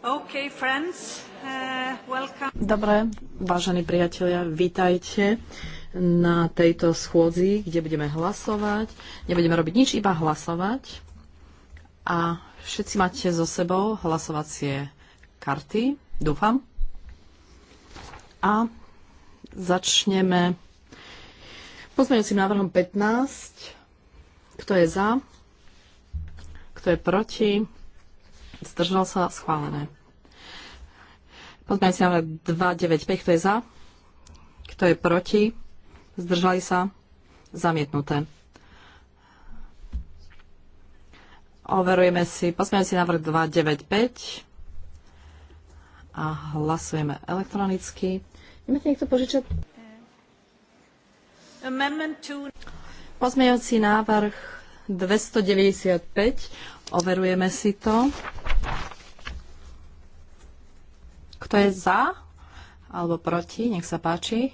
Uh, Dobre, vážení priatelia, vítajte na tejto schôdzi, kde budeme hlasovať. Nebudeme robiť nič, iba hlasovať. A všetci máte so sebou hlasovacie karty, dúfam. A začneme pozmeňujúcim návrhom 15. Kto je za? Kto je proti? Zdržal sa schválené. Pozmeňujúci návrh 295, kto je za? Kto je proti? Zdržali sa? Zamietnuté. Overujeme si si návrh 295 a hlasujeme elektronicky. Nemáte niekto požičať? Pozmejúci návrh 295. Overujeme si to. Kto je za alebo proti? Nech sa páči.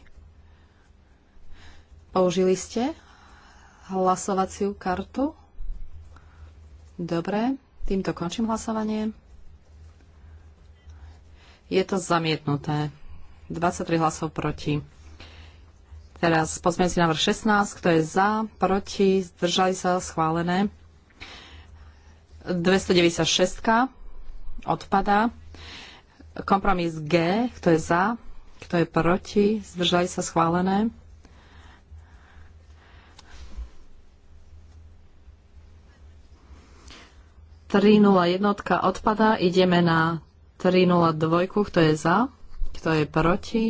Použili ste hlasovaciu kartu? Dobre, týmto končím hlasovanie. Je to zamietnuté. 23 hlasov proti. Teraz pozmeňujúci návrh 16. Kto je za, proti, zdržali sa, schválené. 296 odpada. Kompromis G, kto je za, kto je proti, zdržali sa schválené. jednotka odpada, ideme na 302, kto je za, kto je proti,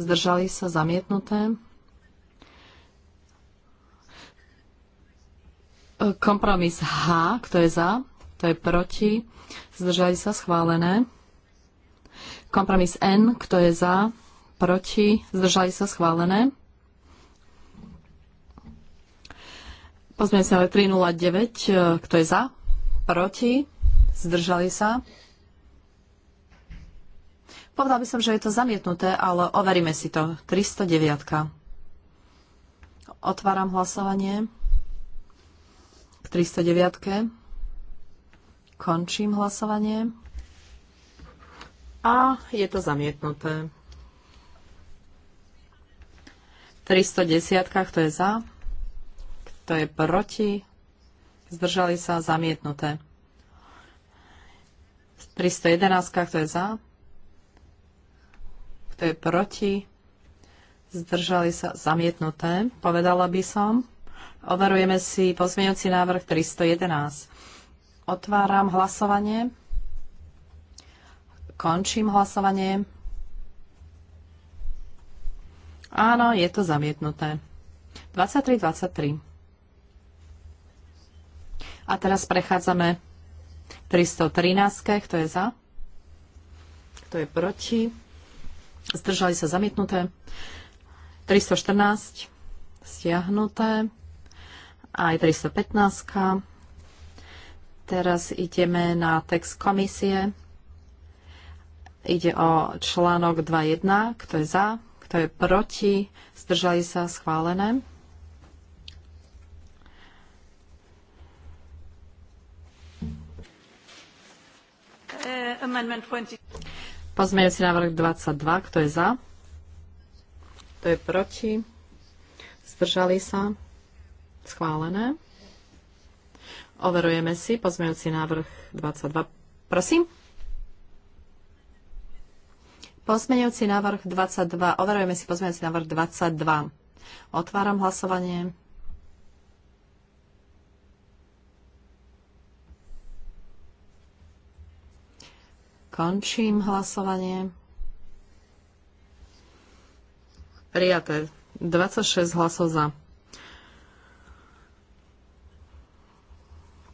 zdržali sa zamietnuté. Kompromis H, kto je za, kto je proti, zdržali sa schválené. Kompromis N, kto je za, proti, zdržali sa schválené. Pozmeňujem sa 309, kto je za, proti, zdržali sa. Povedal by som, že je to zamietnuté, ale overíme si to. 309. Otváram hlasovanie k 309. Končím hlasovanie a je to zamietnuté. 310, kto je za, kto je proti, zdržali sa, zamietnuté. 311, kto je za, kto je proti, zdržali sa, zamietnuté, povedala by som. Overujeme si pozmeňujúci návrh 311. Otváram hlasovanie. Končím hlasovanie. Áno, je to zamietnuté. 23-23. A teraz prechádzame 313. Kto je za? Kto je proti? Zdržali sa zamietnuté. 314. Stiahnuté. Aj 315. Teraz ideme na text komisie. Ide o článok 2.1, kto je za, kto je proti, zdržali sa schválené. si eh, návrh 22, kto je za? Kto je proti? Zdržali sa? Schválené. Overujeme si pozmeňujúci návrh 22. Prosím. Pozmeňujúci návrh 22. Overujeme si pozmeňujúci návrh 22. Otváram hlasovanie. Končím hlasovanie. Prijaté. 26 hlasov za.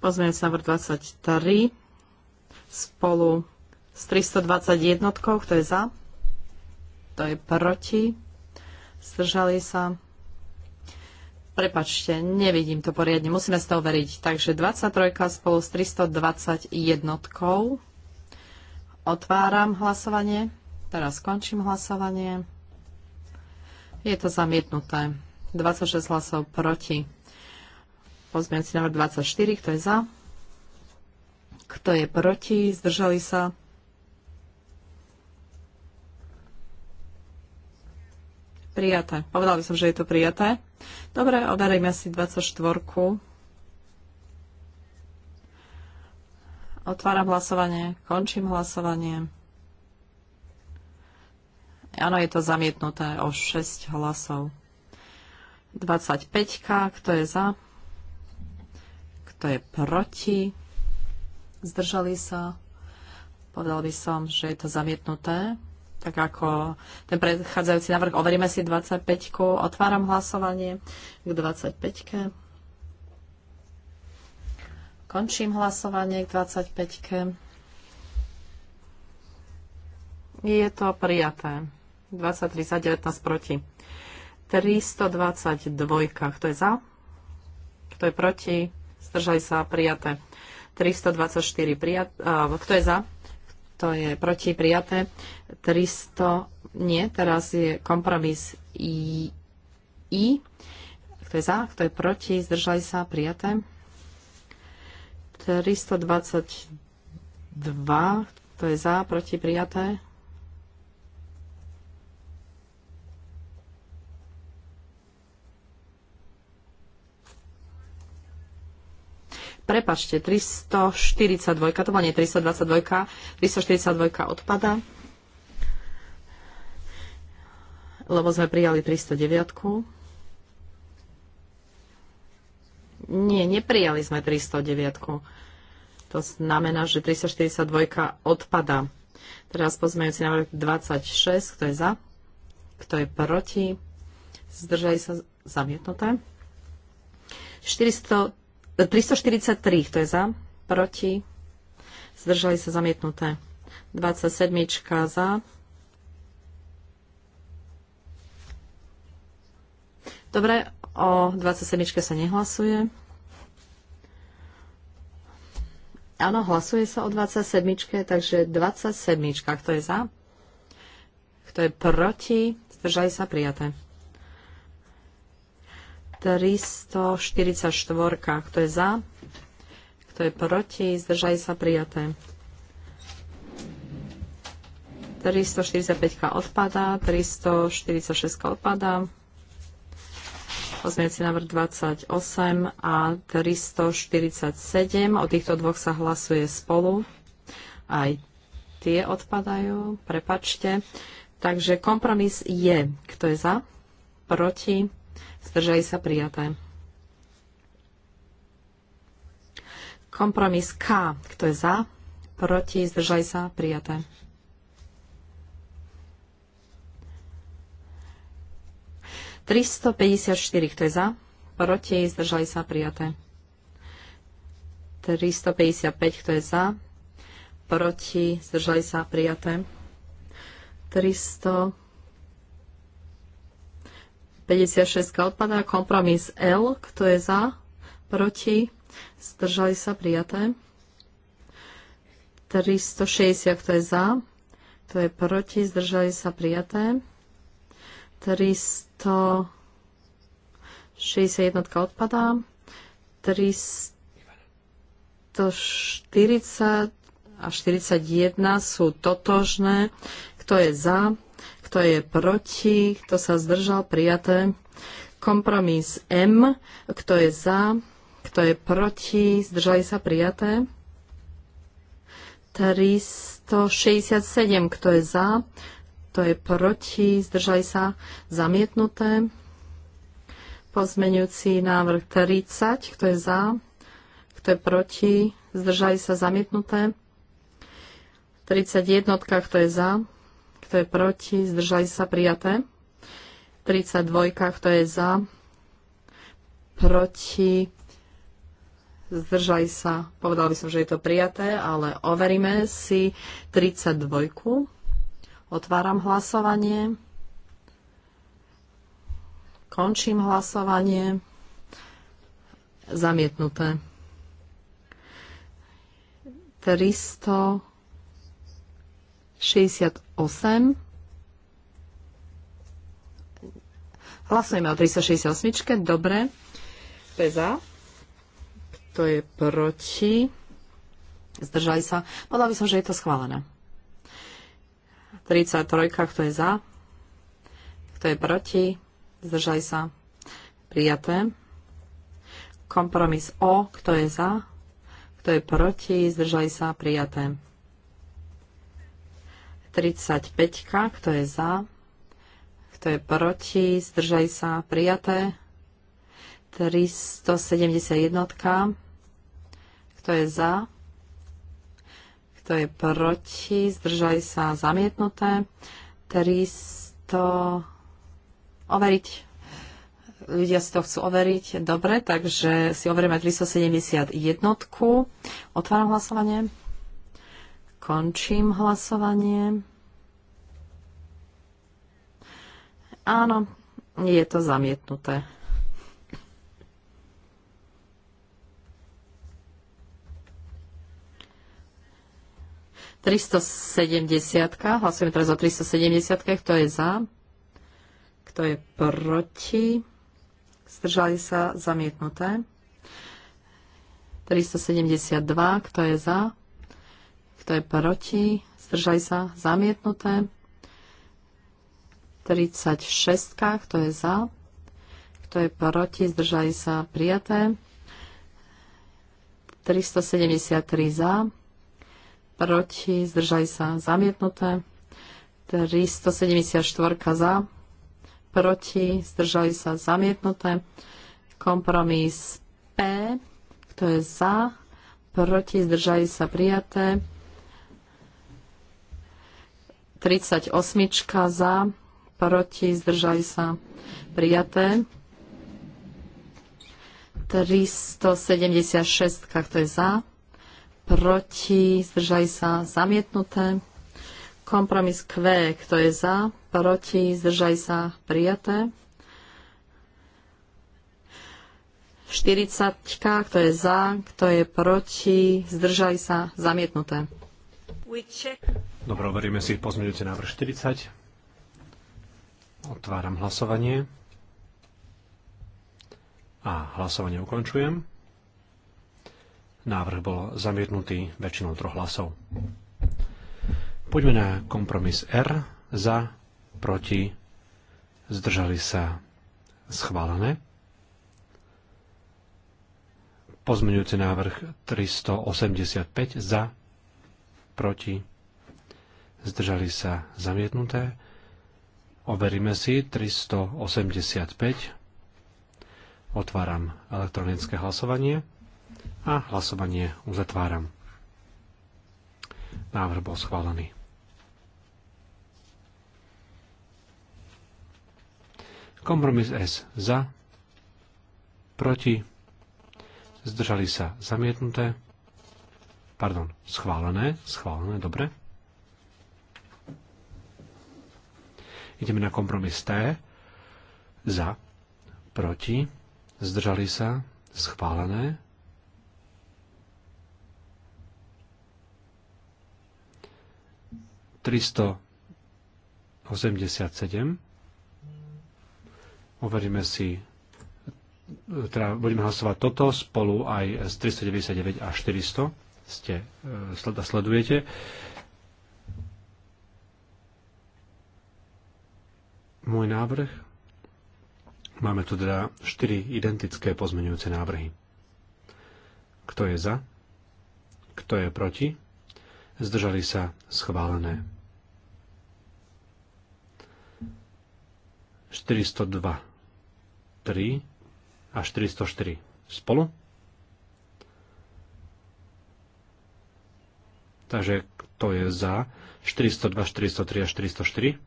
Pozmeňujúci návrh 23 spolu s 321, kto je za? Kto je proti? Zdržali sa? Prepačte, nevidím to poriadne, musíme z toho veriť. Takže 23 spolu s 321. Otváram hlasovanie. Teraz skončím hlasovanie. Je to zamietnuté. 26 hlasov proti. si návrh 24, kto je za? Kto je proti? Zdržali sa? Prijaté. Povedal by som, že je to prijaté. Dobre, overíme si 24. Otváram hlasovanie, končím hlasovanie. Áno, je to zamietnuté o 6 hlasov. 25. Kto je za? Kto je proti? Zdržali sa? Povedal by som, že je to zamietnuté tak ako ten predchádzajúci návrh. Overíme si 25. Otváram hlasovanie k 25. Končím hlasovanie k 25. Je to prijaté. 23 za 19 proti. 322. Kto je za? Kto je proti? Zdržali sa prijaté. 324 prijat... Kto je za? to je proti prijaté. 300, nie, teraz je kompromis I, I. Kto je za, kto je proti, zdržali sa, prijaté. 322, kto je za, proti, prijaté. prepačte, 342, to bola nie 322, 342 odpada, lebo sme prijali 309. Nie, neprijali sme 309. To znamená, že 342 odpada. Teraz pozmejúci návrh 26, kto je za, kto je proti, zdržali sa zamietnuté. 400 343, kto je za, proti, zdržali sa zamietnuté. 27 za, Dobre, o 27 sa nehlasuje. Áno, hlasuje sa o 27, takže 27, kto je za? Kto je proti? Zdržali sa prijaté. 344. Kto je za? Kto je proti? Zdržali sa prijaté. 345 odpada, 346 odpada, pozmeňujúci návrh 28 a 347. O týchto dvoch sa hlasuje spolu. Aj tie odpadajú, prepačte. Takže kompromis je. Kto je za? Proti? Zdržaj sa prijaté. Kompromis K, kto je za, proti, Zdržaj sa prijaté. Tristo päťdesiat štyri, kto je za, proti, Zdržaj sa prijaté. 355, kto je za, proti, zdržali sa prijaté. 300 56 odpadá. Kompromis L. Kto je za? Proti? Zdržali sa prijaté. 360. Kto je za? Kto je proti? Zdržali sa prijaté. 361 odpadá. 340 a 41 sú totožné. Kto je za? kto je proti, kto sa zdržal, prijaté. Kompromis M, kto je za, kto je proti, zdržali sa, prijaté. 367, kto je za, kto je proti, zdržali sa, zamietnuté. Pozmeňujúci návrh 30, kto je za, kto je proti, zdržali sa, zamietnuté. 31, kto je za, kto je proti, zdržali sa prijaté. 32, kto je za, proti, zdržali sa, povedal by som, že je to prijaté, ale overíme si 32. Otváram hlasovanie. Končím hlasovanie. Zamietnuté. 300 68. Hlasujeme o 368. Dobre. To je za. Kto je proti? Zdržali sa. Podľa by som, že je to schválené. 33. Kto je za? Kto je proti? Zdržali sa. Prijaté. Kompromis O. Kto je za? Kto je proti? Zdržali sa. Prijaté. 35, kto je za, kto je proti, zdržali sa prijaté. 371, kto je za, kto je proti, zdržali sa zamietnuté. 300 overiť. Ľudia si to chcú overiť. Dobre, takže si overíme 371. Otváram hlasovanie. Končím hlasovanie. Áno, je to zamietnuté. Tristo sedemdesiatka. Hlasujeme teraz o 370. Kto je za? Kto je proti? Zdržali sa zamietnuté. 372. Kto je za? Kto je proti? Zdržali sa? Zamietnuté. 36. Kto je za? Kto je proti? Zdržali sa? Prijaté. 373 za. Proti? Zdržali sa? Zamietnuté. 374 za. Proti? Zdržali sa? Zamietnuté. Kompromis P. Kto je za? Proti? Zdržali sa? Prijaté. 38 za, proti, zdržali sa prijaté. 376, kto je za, proti, zdržali sa zamietnuté. Kompromis Q, kto je za, proti, zdržali sa prijaté. 40, kto je za, kto je proti, zdržali sa zamietnuté. Dobre, overíme si pozmeňujúci návrh 40. Otváram hlasovanie. A hlasovanie ukončujem. Návrh bol zamietnutý väčšinou troch hlasov. Poďme na kompromis R. Za, proti, zdržali sa schválené. Pozmeňujúci návrh 385 za, proti, zdržali sa zamietnuté. Overíme si 385. Otváram elektronické hlasovanie a hlasovanie uzatváram. Návrh bol schválený. Kompromis S za, proti, zdržali sa zamietnuté. Pardon, schválené, schválené, dobre. Ideme na kompromis T. Za, proti, zdržali sa, schválené. Tristo 87. Overíme si, teda budeme hlasovať toto spolu aj s 399 a 400 ste, e, sledujete. Môj návrh. Máme tu teda 4 identické pozmeňujúce návrhy. Kto je za? Kto je proti? Zdržali sa schválené. 402, 3 a 404. Spolu? Takže kto je za? 402, 403 a 404.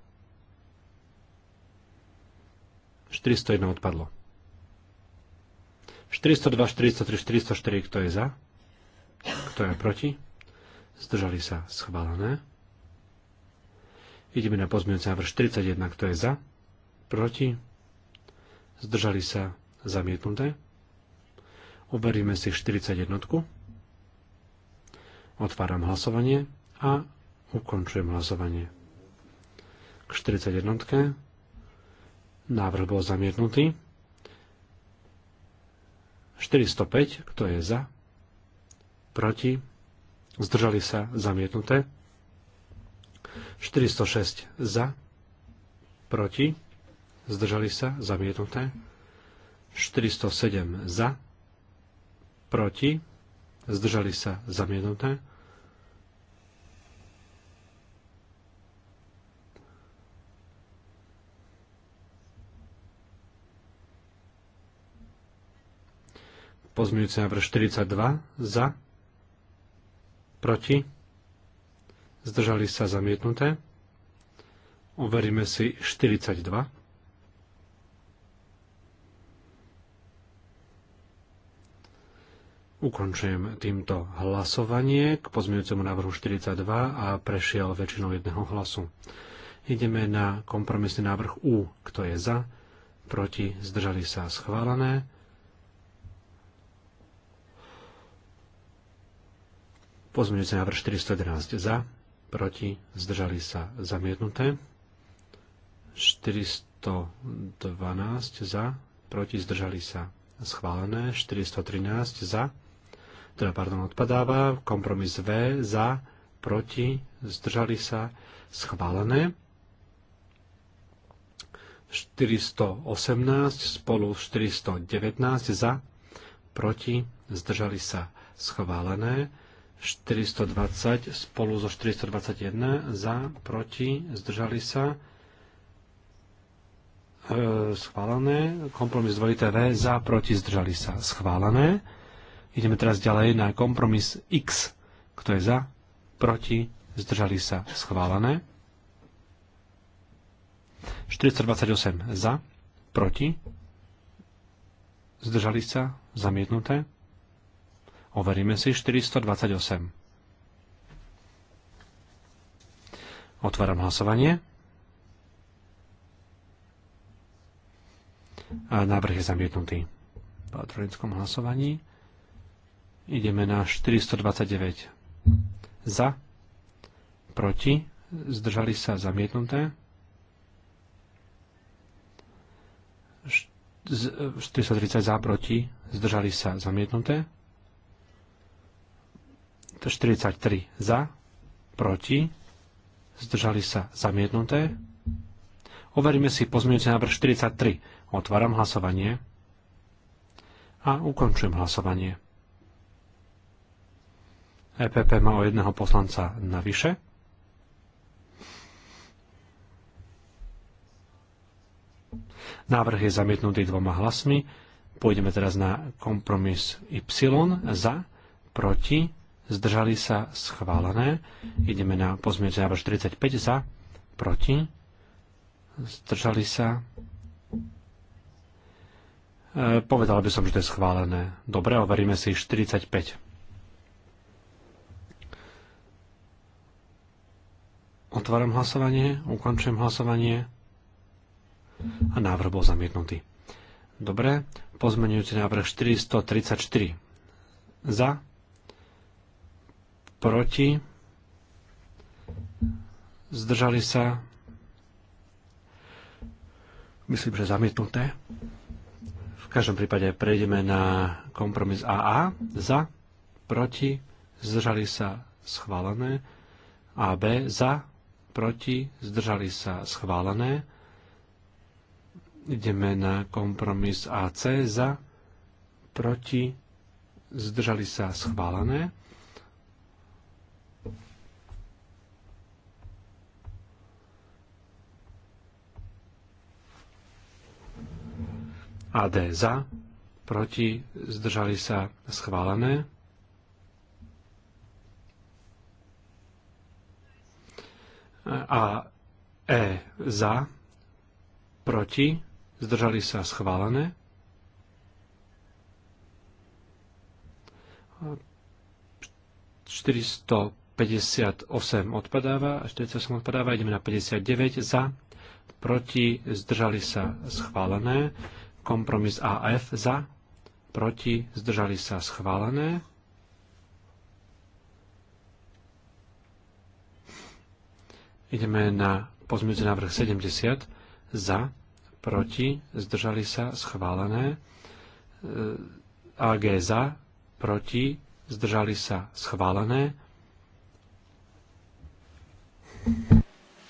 401 odpadlo. 402, 403, 404, kto je za? Kto je proti? Zdržali sa schválené. Ideme na pozmeňujúci návrh 41, kto je za? Proti? Zdržali sa zamietnuté. Overíme si 41. Otváram hlasovanie a ukončujem hlasovanie. K 41. Návrh bol zamietnutý. 405, kto je za? Proti? Zdržali sa zamietnuté. 406 za? Proti? Zdržali sa zamietnuté. 407 za? Proti? zdržali sa zamietnuté. Pozmeňujúci návrh 42 za, proti, zdržali sa zamietnuté. Overíme si 42. Ukončujem týmto hlasovanie k pozmeňujúcemu návrhu 42 a prešiel väčšinou jedného hlasu. Ideme na kompromisný návrh U. Kto je za? Proti? Zdržali sa? Schválené. Pozmeňujúci návrh 411 za, proti, zdržali sa zamietnuté. 412 za, proti, zdržali sa schválené. 413 za, teda pardon, odpadáva, kompromis V za, proti, zdržali sa, schválené. 418 spolu 419 za, proti, zdržali sa, schválené. 420 spolu so 421 za, proti, zdržali sa, e, schválené. Kompromis 2 v za, proti, zdržali sa, schválené. Ideme teraz ďalej na kompromis X. Kto je za? Proti? Zdržali sa? Schválené. 428 za? Proti? Zdržali sa? Zamietnuté? Overíme si 428. Otváram hlasovanie. A návrh je zamietnutý v elektronickom hlasovaní. Ideme na 429. Za, proti, zdržali sa zamietnuté. 430 za, proti, zdržali sa zamietnuté. 43 za, proti, zdržali sa zamietnuté. Overíme si pozmeňujúci návrh 43. Otváram hlasovanie a ukončujem hlasovanie. EPP má o jedného poslanca navyše. Návrh je zamietnutý dvoma hlasmi. Pôjdeme teraz na kompromis Y za, proti, zdržali sa schválené. Ideme na pozmeňujúci návrh 45 za, proti, zdržali sa. E, povedal by som, že to je schválené. Dobre, overíme si 45. Otváram hlasovanie, ukončujem hlasovanie a návrh bol zamietnutý. Dobre, pozmenujúci návrh 434. Za, proti, zdržali sa, myslím, že zamietnuté. V každom prípade prejdeme na kompromis AA. Za, proti, zdržali sa, schválené. AB, za, proti, zdržali sa schválené. Ideme na kompromis AC za, proti, zdržali sa schválené. AD za, proti, zdržali sa schválené. a E za, proti, zdržali sa schválené. A 458 odpadáva, 48 odpadáva, ideme na 59 za, proti, zdržali sa schválené. Kompromis AF za, proti, zdržali sa schválené. Ideme na pozmeňujúci návrh 70 za, proti, zdržali sa, schválené. E, AG za, proti, zdržali sa, schválené.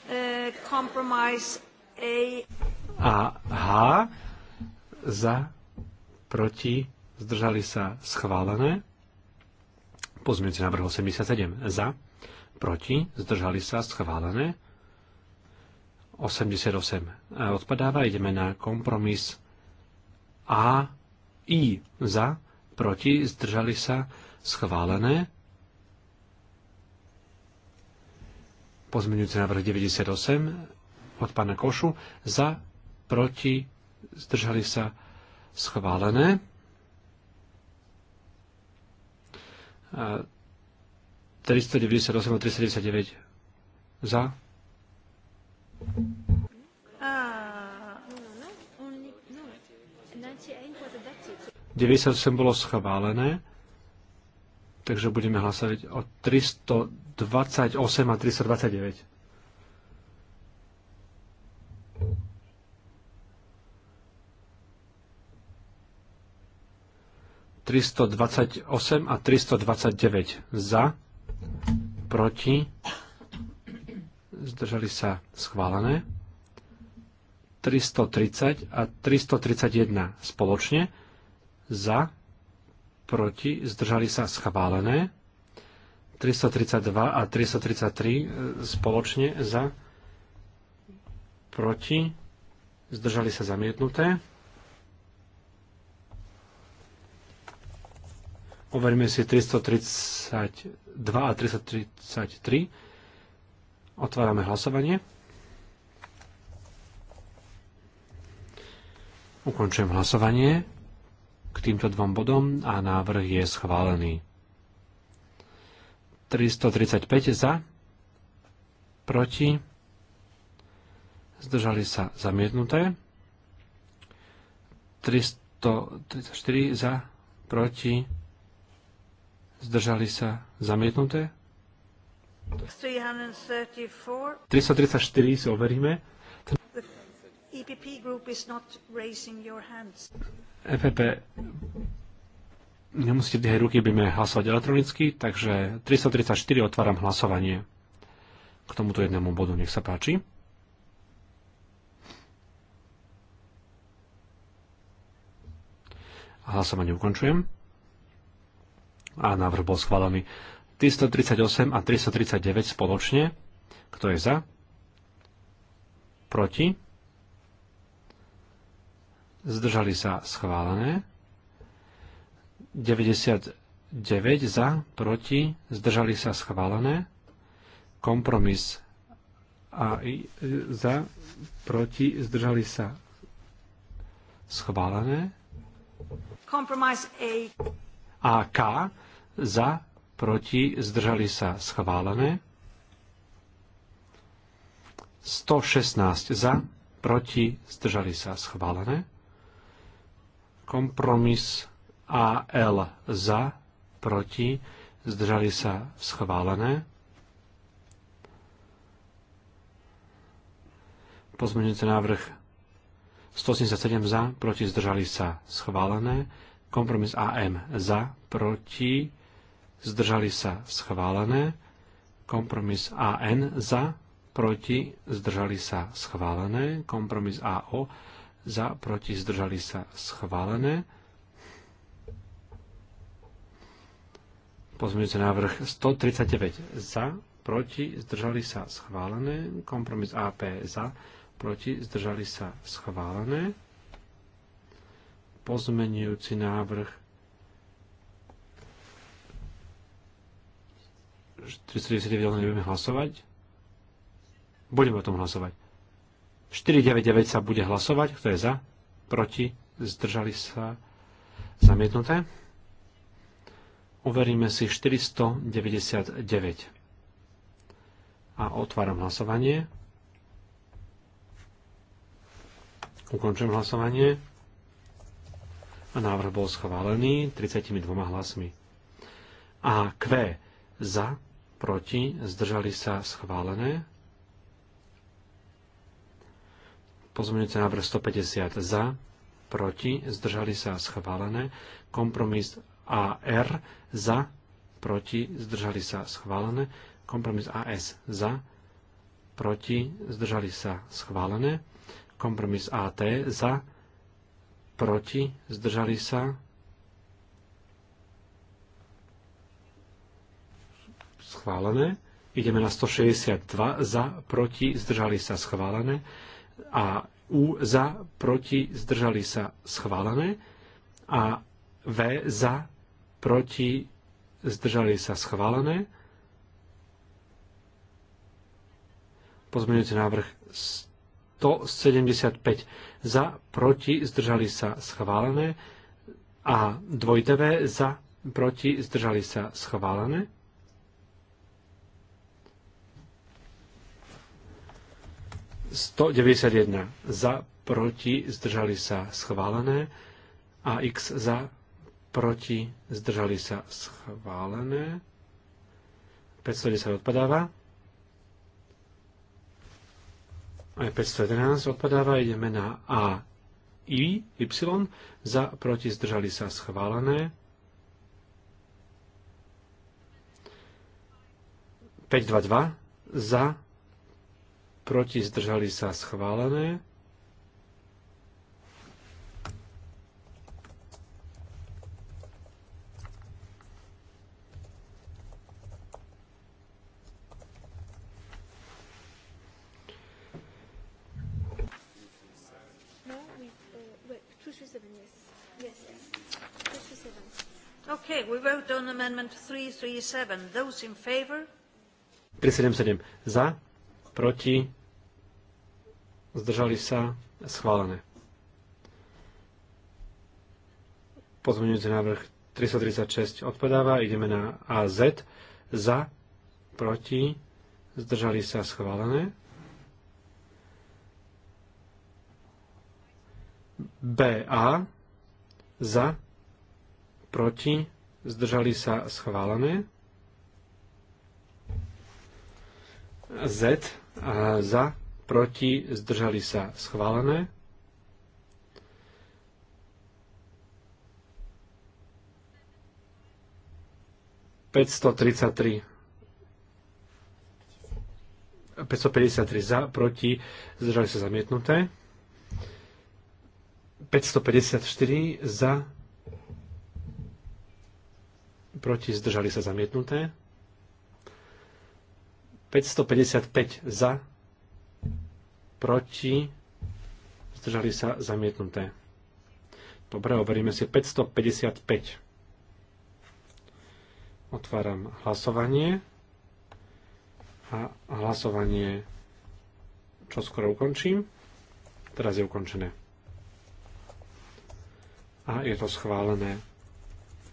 E, A H za, proti, zdržali sa, schválené. Pozmeňujúci návrh 87 za, proti, zdržali sa, schválené. 88 e, odpadáva, ideme na kompromis A, I za, proti, zdržali sa, schválené. Pozmeňujúci návrh 98 od pána Košu za, proti, zdržali sa, schválené. E, 398 a 399 za. A... 98 bolo schválené, takže budeme hlasovať o 328 a 329. Tristodvadsaťosem a 329 za proti, zdržali sa schválené, 330 a 331 spoločne, za, proti, zdržali sa schválené, 332 a 333 e, spoločne za, proti, zdržali sa zamietnuté, overíme si 332 a 333. Otvárame hlasovanie. Ukončujem hlasovanie k týmto dvom bodom a návrh je schválený. 335 za, proti, zdržali sa zamietnuté. 334 za, proti, Zdržali sa zamietnuté. 334 si overíme. EPP group is not raising your hands. EPP nemusíte dvíhať ruky, sme hlasovať elektronicky, takže 334 otváram hlasovanie k tomuto jednému bodu. Nech sa páči. Hlasovanie ukončujem. A návrh bol schválený. 338 a 339 spoločne. Kto je za? Proti? Zdržali sa schválené. 99 za, proti, zdržali sa schválené. Kompromis a za, proti, zdržali sa schválené. Kompromis A. A K za, proti, zdržali sa schválené. 116 za, proti, zdržali sa schválené. Kompromis AL za, proti, zdržali sa schválené. Pozmeňujete návrh 187 za, proti zdržali sa schválené. Kompromis AM za, proti, zdržali sa schválené. Kompromis AN za, proti, zdržali sa schválené. Kompromis AO za, proti, zdržali sa schválené. Pozmeňujúci návrh 139 za, proti, zdržali sa schválené. Kompromis AP za, proti, zdržali sa schválené pozmenujúci návrh 499 nebudeme hlasovať. Budeme o tom hlasovať. 499 sa bude hlasovať. Kto je za? Proti? Zdržali sa? Zamietnuté? Overíme si 499. A otváram hlasovanie. Ukončujem hlasovanie a návrh bol schválený 32 hlasmi. A Q za, proti, zdržali sa schválené. Pozmeňujúce návrh 150 za, proti, zdržali sa schválené. Kompromis AR za, proti, zdržali sa schválené. Kompromis AS za, proti, zdržali sa schválené. Kompromis AT za, proti, proti, zdržali sa, schválené. Ideme na 162 za, proti, zdržali sa, schválené. A U za, proti, zdržali sa, schválené. A V za, proti, zdržali sa, schválené. Pozmeňujúci návrh 175 za, proti, zdržali sa schválené a dvojité V za, proti, zdržali sa schválené. Sto jedna za, proti, zdržali sa schválené a x za, proti, zdržali sa schválené. 510 odpadáva. aj 511 odpadáva, ideme na A, I, Y, za, proti, zdržali sa schválené. 522, za, proti, zdržali sa schválené. Okay, we vote on amendment 337. Those in favor? 377 za, proti, zdržali sa, schválené. Pozmeňujúci návrh 336 odpadáva, ideme na AZ, za, proti, zdržali sa, schválené. BA, za, proti, zdržali sa schválené. Z za, proti, zdržali sa schválené. Päťsto tridsaťtri za, proti, zdržali sa zamietnuté. 554 za, proti, zdržali sa zamietnuté. 555 za, proti, zdržali sa zamietnuté. Dobre, overíme si 555. Otváram hlasovanie a hlasovanie čo skoro ukončím. Teraz je ukončené. A je to schválené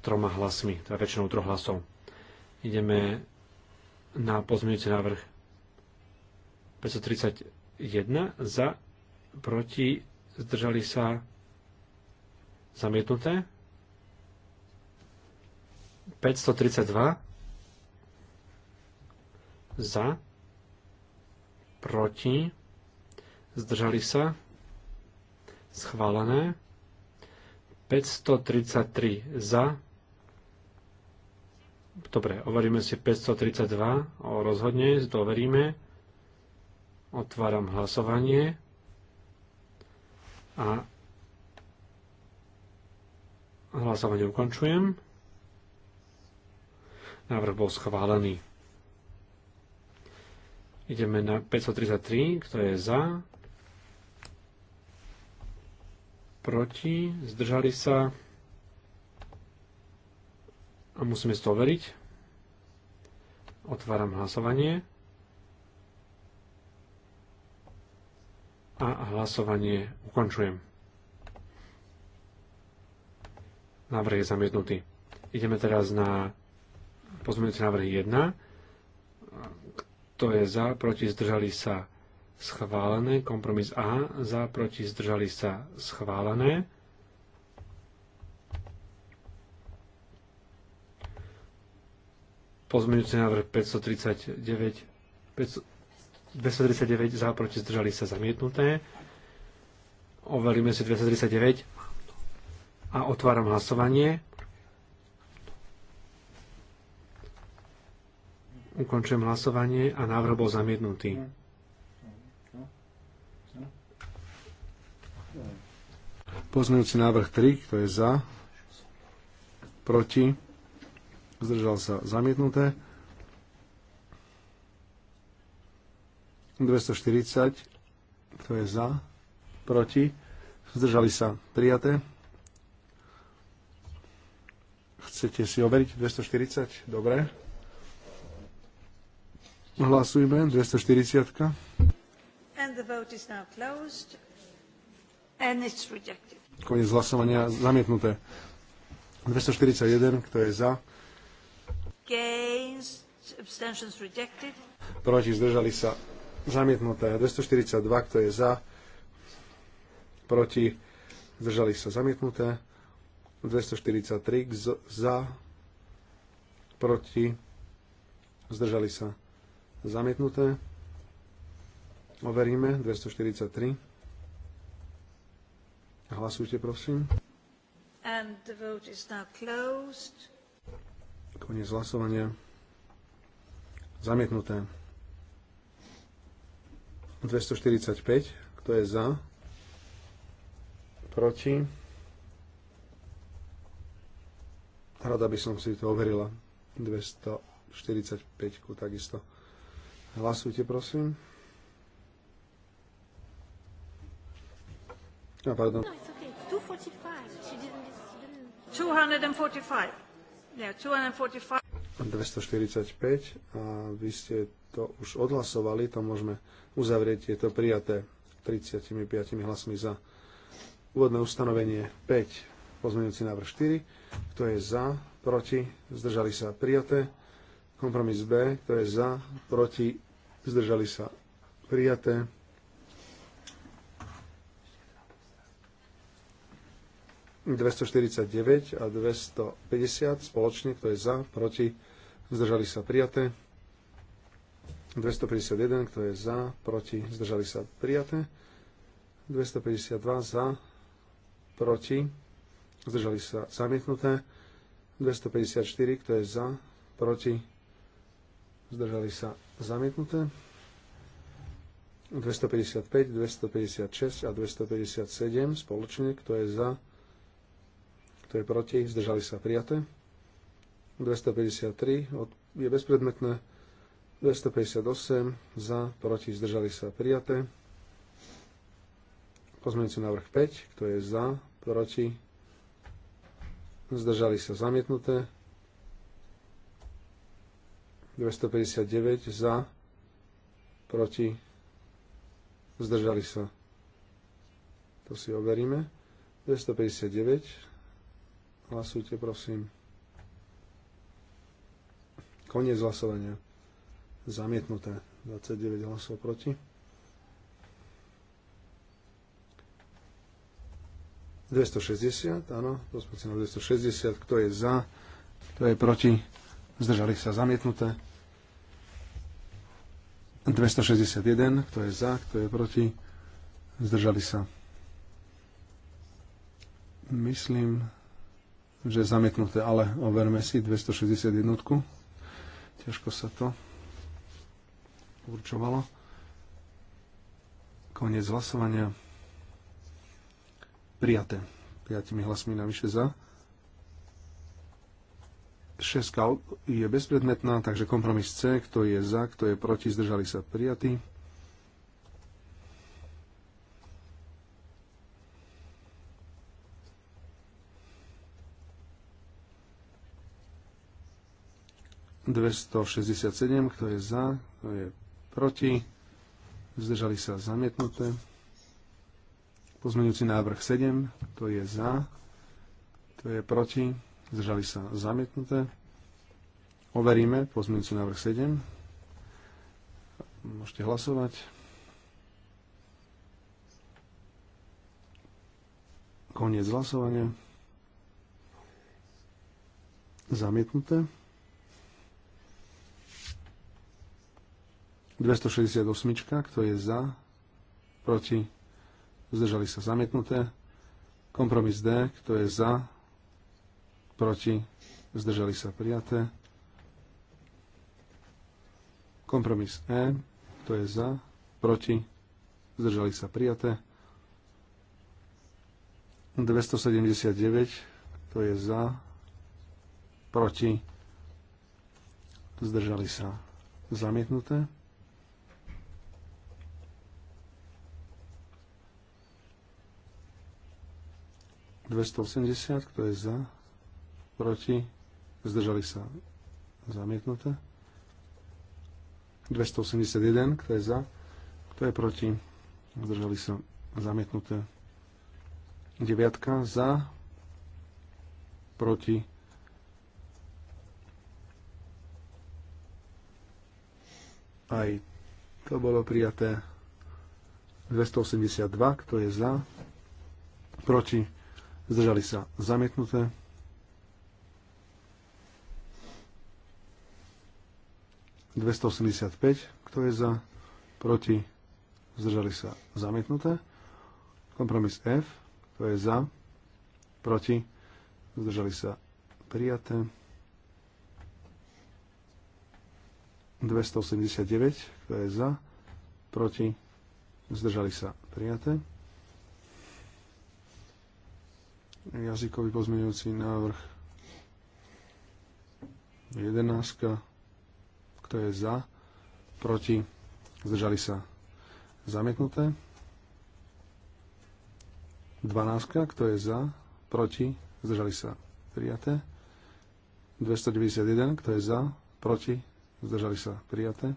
troma hlasmi, teda väčšinou troch hlasov. Ideme na pozmeňujúci návrh 531 za, proti, zdržali sa zamietnuté. 532 za, proti, zdržali sa schválené. 533 za, Dobre, overíme si 532. O, rozhodne, zdoveríme. Otváram hlasovanie. A hlasovanie ukončujem. Návrh bol schválený. Ideme na 533, kto je za, proti, zdržali sa, Musíme si to overiť. Otváram hlasovanie. A hlasovanie ukončujem. Návrh je zamietnutý. Ideme teraz na pozmeňujúci návrh 1. Kto je za, proti, zdržali sa schválené. Kompromis A. Za, proti, zdržali sa schválené. Pozmeňujúci návrh 539, 239 za, proti zdržali sa zamietnuté. Overíme si 239 a otváram hlasovanie. Ukončujem hlasovanie a návrh bol zamietnutý. Pozmeňujúci návrh 3, kto je za, proti, zdržal sa zamietnuté. 240, to je za, proti, zdržali sa prijaté. Chcete si overiť 240? Dobre. Hlasujme, 240. And the vote is now closed. And it's rejected. Koniec hlasovania zamietnuté. 241, kto je za, Against. Abstentions rejected. Proti zdržali sa zamietnuté. 242, kto je za. Proti zdržali sa zamietnuté. 243 za. Proti zdržali sa zamietnuté. Overíme 243. Hlasujte, prosím. And the vote is now closed. Koniec hlasovania. Zamietnuté. 245. Kto je za? Proti? Rada by som si to overila. 245 takisto. Hlasujte, prosím. A, pardon. No, it's okay. 245. 245. 245 a vy ste to už odhlasovali, to môžeme uzavrieť, je to prijaté 35 hlasmi za. Úvodné ustanovenie 5, pozmeňujúci návrh 4, kto je za, proti, zdržali sa prijaté. Kompromis B, kto je za, proti, zdržali sa prijaté. 249 a 250 spoločne, kto je za, proti, zdržali sa prijaté. 251, kto je za, proti, zdržali sa prijaté. 252 za, proti, zdržali sa zamietnuté. 254, kto je za, proti, zdržali sa zamietnuté. 255, 256 a 257 spoločne, kto je za, proti, kto je proti? Zdržali sa prijaté. 253 je bezpredmetné. 258 za, proti, zdržali sa prijaté. Pozmeňujúci návrh 5, kto je za, proti, zdržali sa zamietnuté. 259 za, proti, zdržali sa. To si overíme. 259 Hlasujte, prosím. Koniec hlasovania. Zamietnuté. 29 hlasov proti. 260, áno, to sme si na 260, kto je za, kto je proti, zdržali sa zamietnuté. 261, kto je za, kto je proti, zdržali sa. Myslím, že zamietnuté, ale overme si 261. Ťažko sa to určovalo. Koniec hlasovania. Prijaté. 5 hlasmi navyše za. 6 je bezpredmetná, takže kompromis C, kto je za, kto je proti, zdržali sa prijatí. 267, kto je za, kto je proti, zdržali sa zamietnuté. Pozmeňujúci návrh 7, kto je za, kto je proti, zdržali sa zamietnuté. Overíme pozmeňujúci návrh 7. Môžete hlasovať. Koniec hlasovania. Zamietnuté. 268, kto je za, proti, zdržali sa zamietnuté. Kompromis D, kto je za, proti, zdržali sa prijaté. Kompromis E, kto je za, proti, zdržali sa prijaté. 279, kto je za, proti, zdržali sa zamietnuté. 280, kto je za, proti, zdržali sa zamietnuté. 281, kto je za, kto je proti, zdržali sa zamietnuté. 9 za, proti, aj to bolo prijaté 282, kto je za, proti, zdržali sa zamietnuté. ...285, kto je za, proti, zdržali sa zamietnuté. Kompromis F, kto je za, proti, zdržali sa prijaté. 289, kto je za, proti, zdržali sa prijaté. jazykový pozmeňujúci návrh 11. Kto je za? Proti? Zdržali sa? Zamietnuté. 12. Kto je za? Proti? Zdržali sa? Prijaté. 291. Kto je za? Proti? Zdržali sa? Prijaté.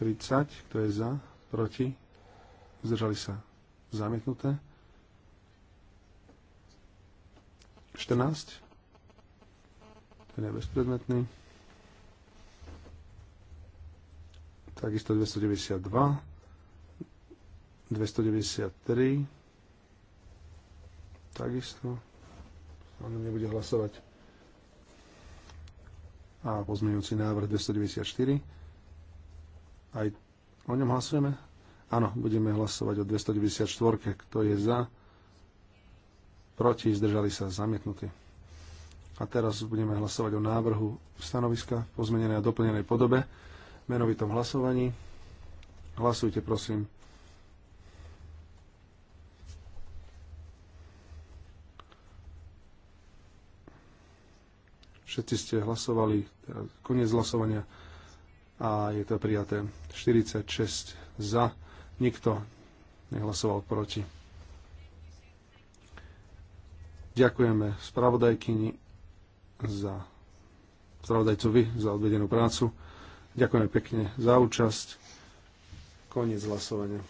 30. Kto je za? Proti? Zdržali sa? Zamietnuté. 14. Ten je bezpredmetný. Takisto 292. 293. Takisto. On nebude hlasovať. A pozmeňujúci návrh 294. Aj o ňom hlasujeme? Áno, budeme hlasovať o 294. Kto je za? proti, zdržali sa zamietnutí. A teraz budeme hlasovať o návrhu stanoviska po pozmenenej a doplnenej podobe, menovitom hlasovaní. Hlasujte, prosím. Všetci ste hlasovali, teda koniec hlasovania a je to prijaté 46 za, nikto nehlasoval proti. Ďakujeme spravodajkyni za spravodajcovi za odvedenú prácu. Ďakujeme pekne za účasť. Koniec hlasovania.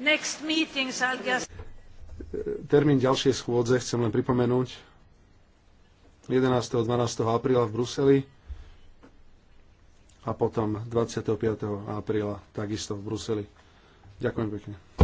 Next just... Termín ďalšej schôdze chcem len pripomenúť. 11. a 12. apríla v Bruseli a potom 25. apríla takisto v Bruseli. Ďakujem pekne.